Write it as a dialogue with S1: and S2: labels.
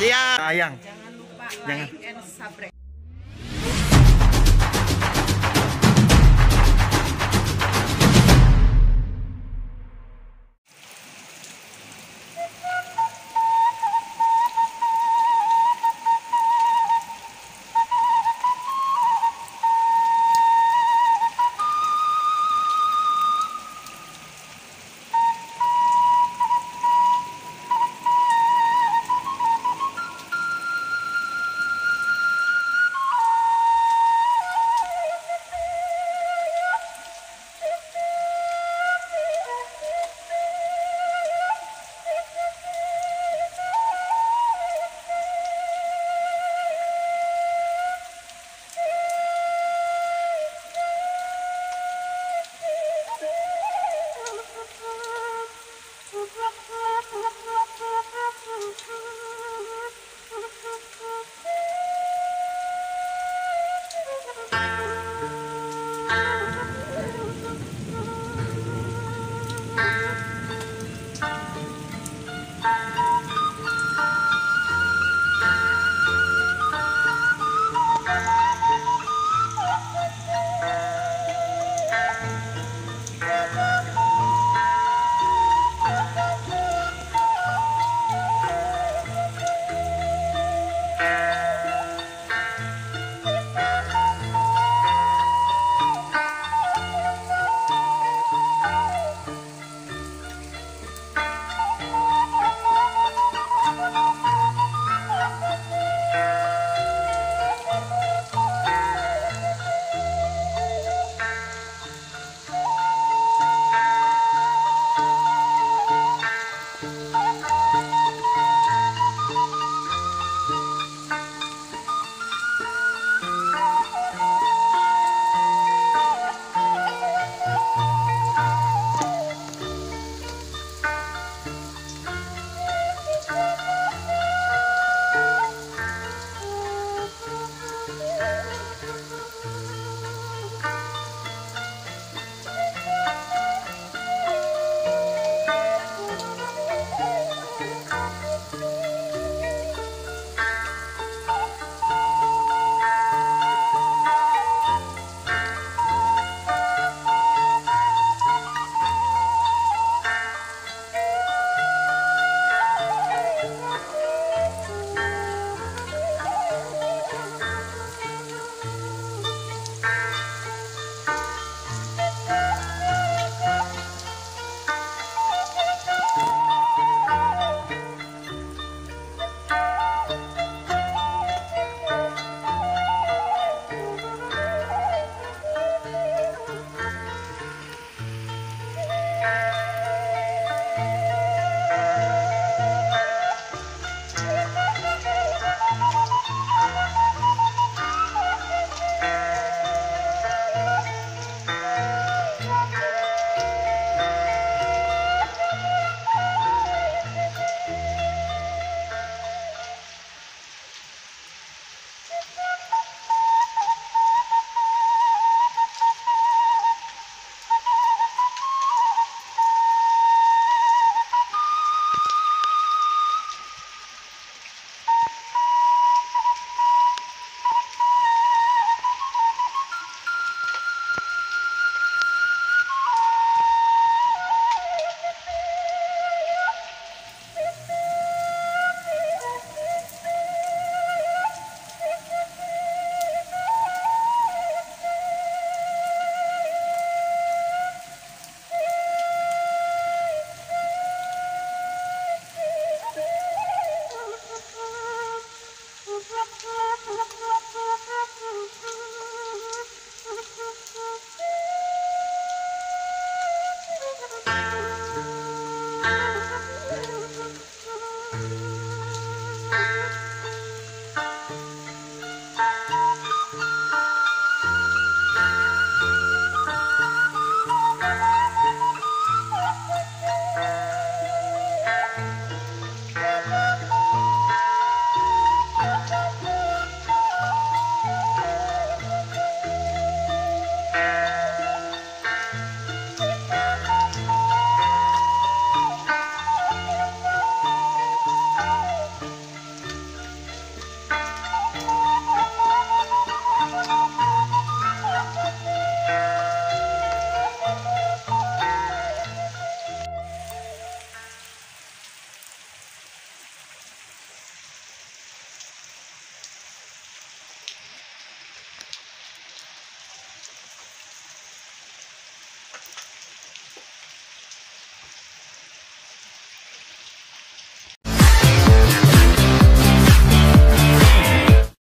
S1: Siap. Sayang. Jangan
S2: lupa like Jangan. and subscribe.